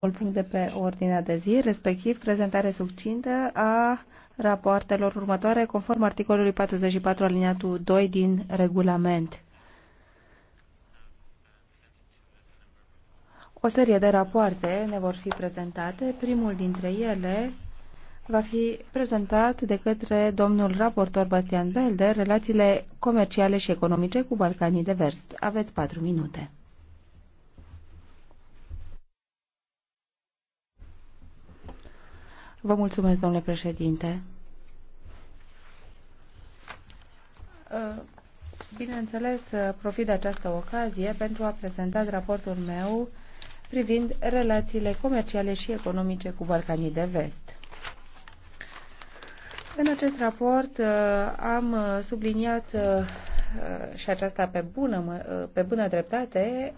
punct de pe ordinea de zi, respectiv prezentare subțintă a rapoartelor următoare conform articolului 44 aliniatul 2 din regulament. O serie de rapoarte ne vor fi prezentate. Primul dintre ele va fi prezentat de către domnul raportor Bastian Belder, relațiile comerciale și economice cu Balcanii de Vest. Aveți patru minute. Vă mulțumesc, domnule președinte. Uh, bineînțeles, uh, profit de această ocazie pentru a prezenta raportul meu privind relațiile comerciale și economice cu Balcanii de Vest. În acest raport uh, am subliniat și aceasta pe bună, pe bună dreptate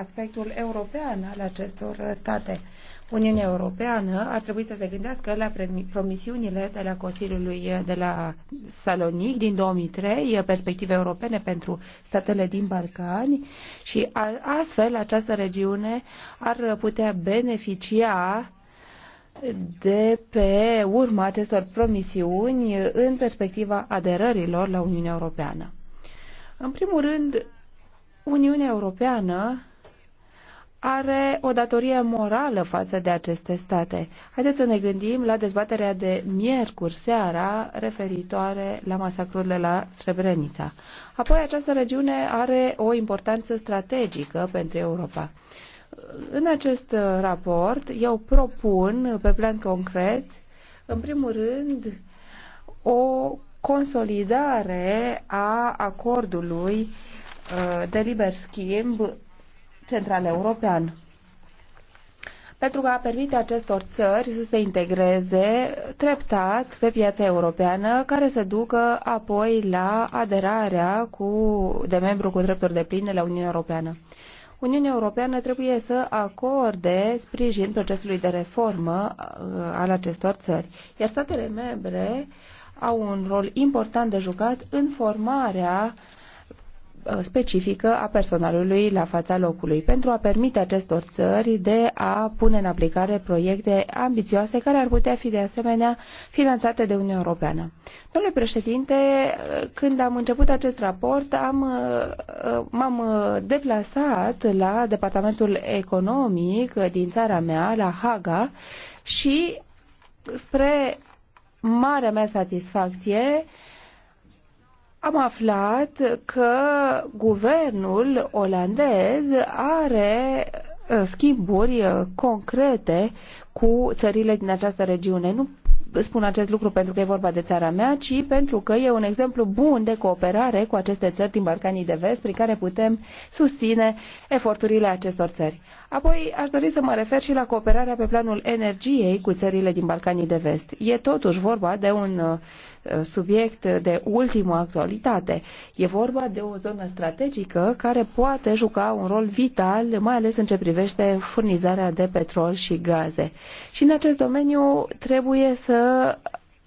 aspectul european al acestor state. Uniunea Europeană ar trebui să se gândească la promisiunile de la Consiliului de la Salonic din 2003, perspective europene pentru statele din Balcani și astfel această regiune ar putea beneficia de pe urma acestor promisiuni în perspectiva aderărilor la Uniunea Europeană. În primul rând, Uniunea Europeană are o datorie morală față de aceste state. Haideți să ne gândim la dezbaterea de miercuri seara referitoare la masacrurile la Srebrenica. Apoi această regiune are o importanță strategică pentru Europa. În acest raport eu propun pe plan concret, în primul rând, o consolidare a acordului uh, de liber schimb Central European pentru a permite acestor țări să se integreze treptat pe piața europeană, care se ducă apoi la aderarea cu, de membru cu drepturi de pline la Uniunea Europeană. Uniunea Europeană trebuie să acorde sprijin procesului de reformă uh, al acestor țări, iar statele membre au un rol important de jucat în formarea Uh, specifică a personalului la fața locului pentru a permite acestor țări de a pune în aplicare proiecte ambițioase care ar putea fi de asemenea finanțate de Uniunea Europeană. Domnule președinte, uh, când am început acest raport, am, uh, m-am deplasat la Departamentul Economic din țara mea, la Haga, și spre marea mea satisfacție, am aflat că guvernul olandez are uh, schimburi uh, concrete cu țările din această regiune. Nu spun acest lucru pentru că e vorba de țara mea, ci pentru că e un exemplu bun de cooperare cu aceste țări din Balcanii de Vest, prin care putem susține eforturile acestor țări. Apoi aș dori să mă refer și la cooperarea pe planul energiei cu țările din Balcanii de Vest. E totuși vorba de un uh, Eh, subiect de ultimă actualitate. E vorba de o zonă strategică care poate juca un rol vital, mai ales în ce privește furnizarea de petrol și gaze. Și în acest domeniu trebuie să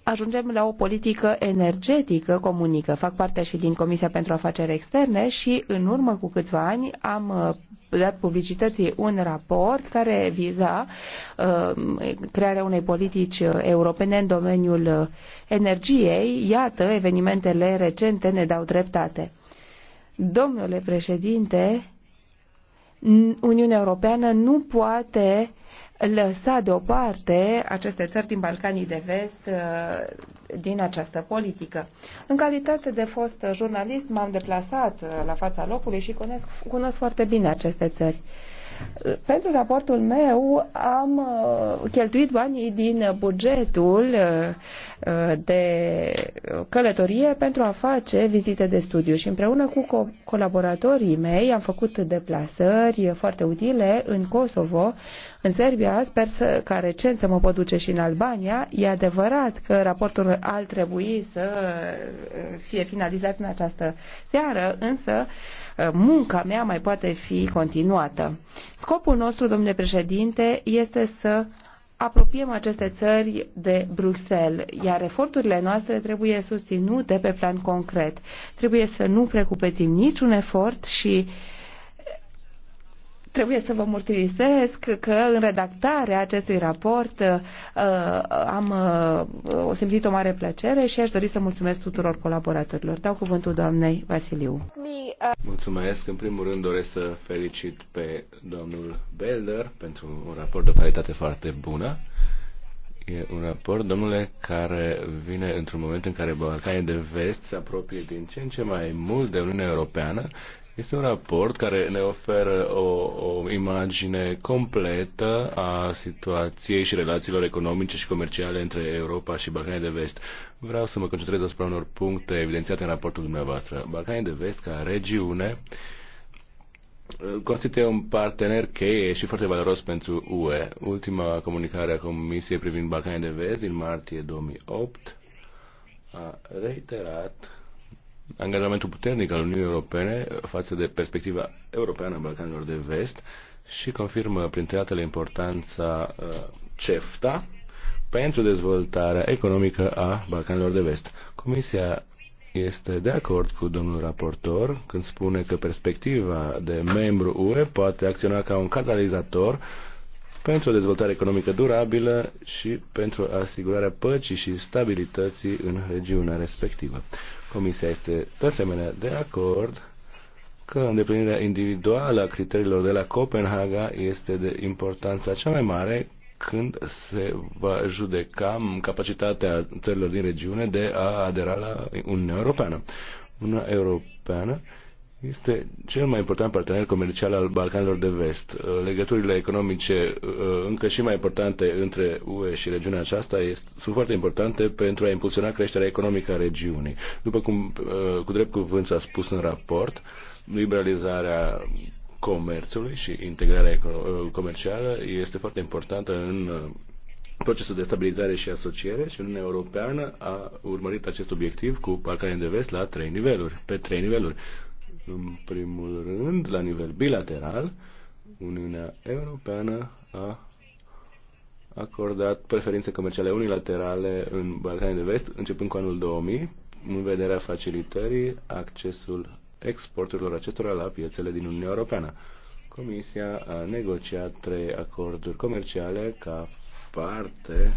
ajungem la o politică energetică comunică. Fac parte și din Comisia pentru Afaceri Externe și în urmă cu câțiva ani am uh, dat publicității un raport care viza uh, crearea unei politici uh, europene în domeniul uh, energiei. Iată, evenimentele recente ne dau dreptate. Domnule președinte, Uniunea Europeană nu poate uh, lăsa deoparte aceste țări din Balcanii de Vest uh, din această politică. În calitate de fost jurnalist m-am deplasat uh, la fața locului și cunosc, cunosc foarte bine aceste țări. Uh, pentru raportul meu am cheltuit banii din bugetul de călătorie pentru a face vizite de studiu și împreună cu co- colaboratorii mei am făcut deplasări foarte utile în Kosovo, în Serbia, sper să, ca recent să mă pot duce și în Albania. E adevărat că raportul ar trebui să fie finalizat în această seară, însă uh, munca mea mai poate fi continuată. Scopul nostru, domnule președinte, este să apropiem aceste țări de Bruxelles, iar eforturile noastre trebuie susținute pe plan concret. Trebuie să nu precupețim niciun efort și uh, Trebuie să vă mărturisesc că în redactarea acestui raport uh, uh, am uh, o simțit o mare plăcere și aș dori să mulțumesc tuturor colaboratorilor. Dau cuvântul doamnei Vasiliu. Mulțumesc. În primul rând doresc să felicit pe domnul Belder pentru un raport de calitate foarte bună. E un raport, domnule, care vine într-un moment în care Balcanii de Vest se apropie din ce în ce mai mult de Uniunea Europeană este un raport care ne oferă o, o imagine completă a situației și relațiilor economice și comerciale între Europa și Balcanii de Vest. Vreau să mă concentrez asupra unor puncte evidențiate în raportul dumneavoastră. Balcanii de Vest, ca regiune, constituie un partener cheie și foarte valoros pentru UE. Ultima comunicare a Comisiei privind Balcanii de Vest din martie 2008 a reiterat angajamentul puternic al Uniunii Europene față de perspectiva europeană a Balcanilor de Vest și confirmă printre altele importanța uh, CEFTA pentru dezvoltarea economică a Balcanilor de Vest. Comisia este de acord cu domnul raportor când spune că perspectiva de membru UE poate acționa ca un catalizator pentru o dezvoltare economică durabilă și pentru asigurarea păcii și stabilității în regiunea respectivă. Comisia este de asemenea de acord că îndeplinirea individuală a criteriilor de la Copenhaga este de importanță cea mai mare când se va judeca capacitatea țărilor din regiune de a adera la Uniunea Europeană. Uniunea Europeană este cel mai important partener comercial al Balcanilor de Vest. Uh, legăturile economice uh, încă și mai importante între UE și regiunea aceasta sunt foarte importante pentru a impulsiona creșterea economică a regiunii. După cum uh, cu drept cuvânt s-a spus în raport, liberalizarea comerțului și integrarea comercială este foarte importantă în procesul de stabilizare și asociere și Uniunea Europeană a urmărit acest obiectiv cu Balcanii de Vest la trei niveluri, pe trei niveluri în primul rând, la nivel bilateral, Uniunea Europeană a acordat preferințe comerciale unilaterale în Balcanii de Vest, începând cu anul 2000, în vederea facilitării accesul exporturilor acestora la piețele din Uniunea Europeană. Comisia a negociat trei acorduri comerciale ca parte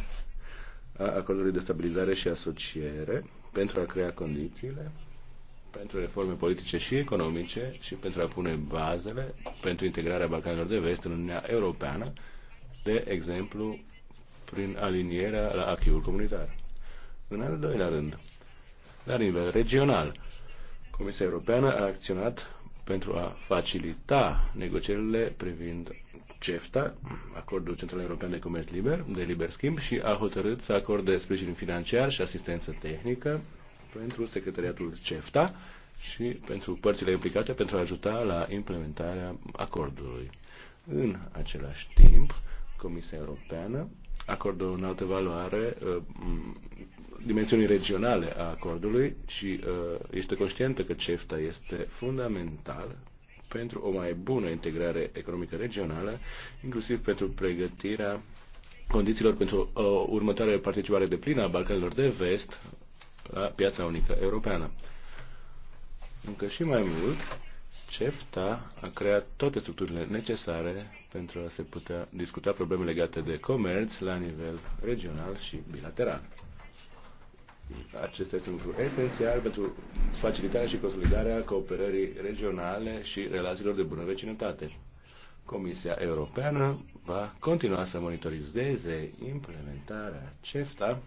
a acordului de stabilizare și asociere pentru a crea condițiile pentru reforme politice și economice și pentru a pune bazele pentru integrarea Balcanilor de Vest în Uniunea Europeană, de exemplu, prin alinierea la acquis comunitar. În al doilea rând, la nivel regional, Comisia Europeană a acționat pentru a facilita negocierile privind CEFTA, Acordul Central European de Comerț Liber, de liber schimb, și a hotărât să acorde sprijin financiar și asistență tehnică pentru secretariatul CEFTA și pentru părțile implicate pentru a ajuta la implementarea acordului. În același timp, Comisia Europeană acordă o altă valoare uh, dimensiunii regionale a acordului și uh, este conștientă că CEFTA este fundamental pentru o mai bună integrare economică regională, inclusiv pentru pregătirea condițiilor pentru o uh, următoare participare de plină a Balcanilor de Vest la piața unică europeană. Încă și mai mult, CEFTA a creat toate structurile necesare pentru a se putea discuta probleme legate de comerț la nivel regional și bilateral. Acesta este un lucru esențial pentru facilitarea și consolidarea cooperării regionale și relațiilor de bună vecinătate. Comisia Europeană va continua să monitorizeze implementarea CEFTA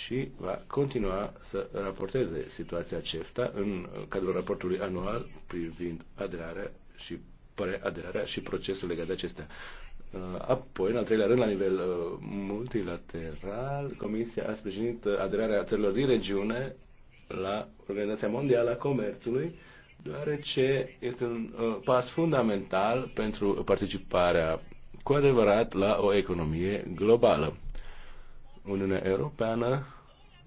și va continua să raporteze situația CEFTA în cadrul raportului anual privind aderarea și aderarea și procesul legat de acestea. Uh, apoi, în al treilea rând, la nivel uh, multilateral, Comisia a sprijinit aderarea țărilor din regiune la Organizația Mondială a Comerțului, deoarece este un uh, pas fundamental pentru participarea cu adevărat la o economie globală. Uniunea Europeană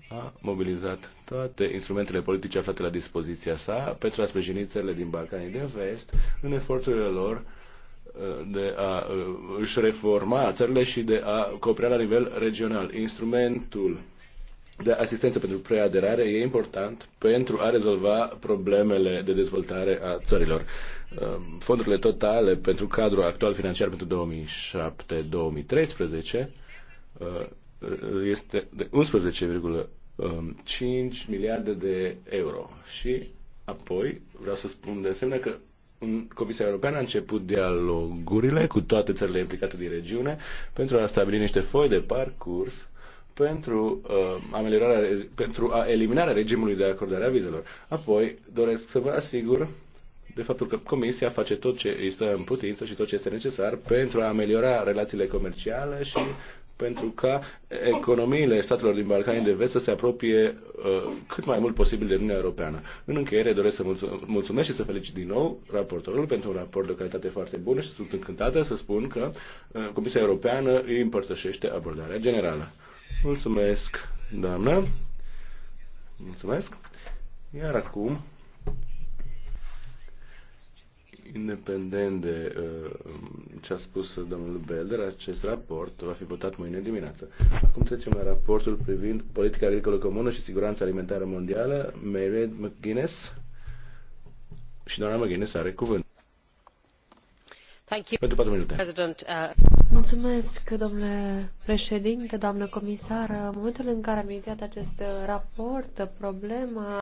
a mobilizat toate instrumentele politice aflate la dispoziția sa pentru a sprijini țările din Balcanii de Vest în eforturile lor uh, de a uh, își reforma țările și de a coopera la nivel regional. Instrumentul de asistență pentru preaderare e important pentru a rezolva problemele de dezvoltare a țărilor. Uh, fondurile totale pentru cadrul actual financiar pentru 2007-2013 este de 11,5 um, miliarde de euro. Și apoi vreau să spun de asemenea că Comisia Europeană a început dialogurile cu toate țările implicate din regiune pentru a stabili niște foi de parcurs pentru, uh, ameliorarea, pentru a eliminarea regimului de acordare a vizelor. Apoi, doresc să vă asigur de faptul că Comisia face tot ce este în putință și tot ce este necesar pentru a ameliora relațiile comerciale și pentru ca economiile statelor din Balcani de Vest să se apropie uh, cât mai mult posibil de Uniunea Europeană. În încheiere doresc să mulțumesc și să felicit din nou raportorul pentru un raport de o calitate foarte bună și sunt încântată să spun că uh, Comisia Europeană îi împărtășește abordarea generală. Mulțumesc, doamnă. Mulțumesc. Iar acum Independent de uh, ce a spus domnul Belder, acest raport va fi votat mâine dimineață. Acum trecem la raportul privind politica agricolă comună și siguranța alimentară mondială. Maired McGuinness și doamna McGuinness are cuvânt. Thank you. Pentru 4 minute. President, uh... Mulțumesc, domnule președinte, doamnă comisară. În momentul în care am inițiat acest raport, problema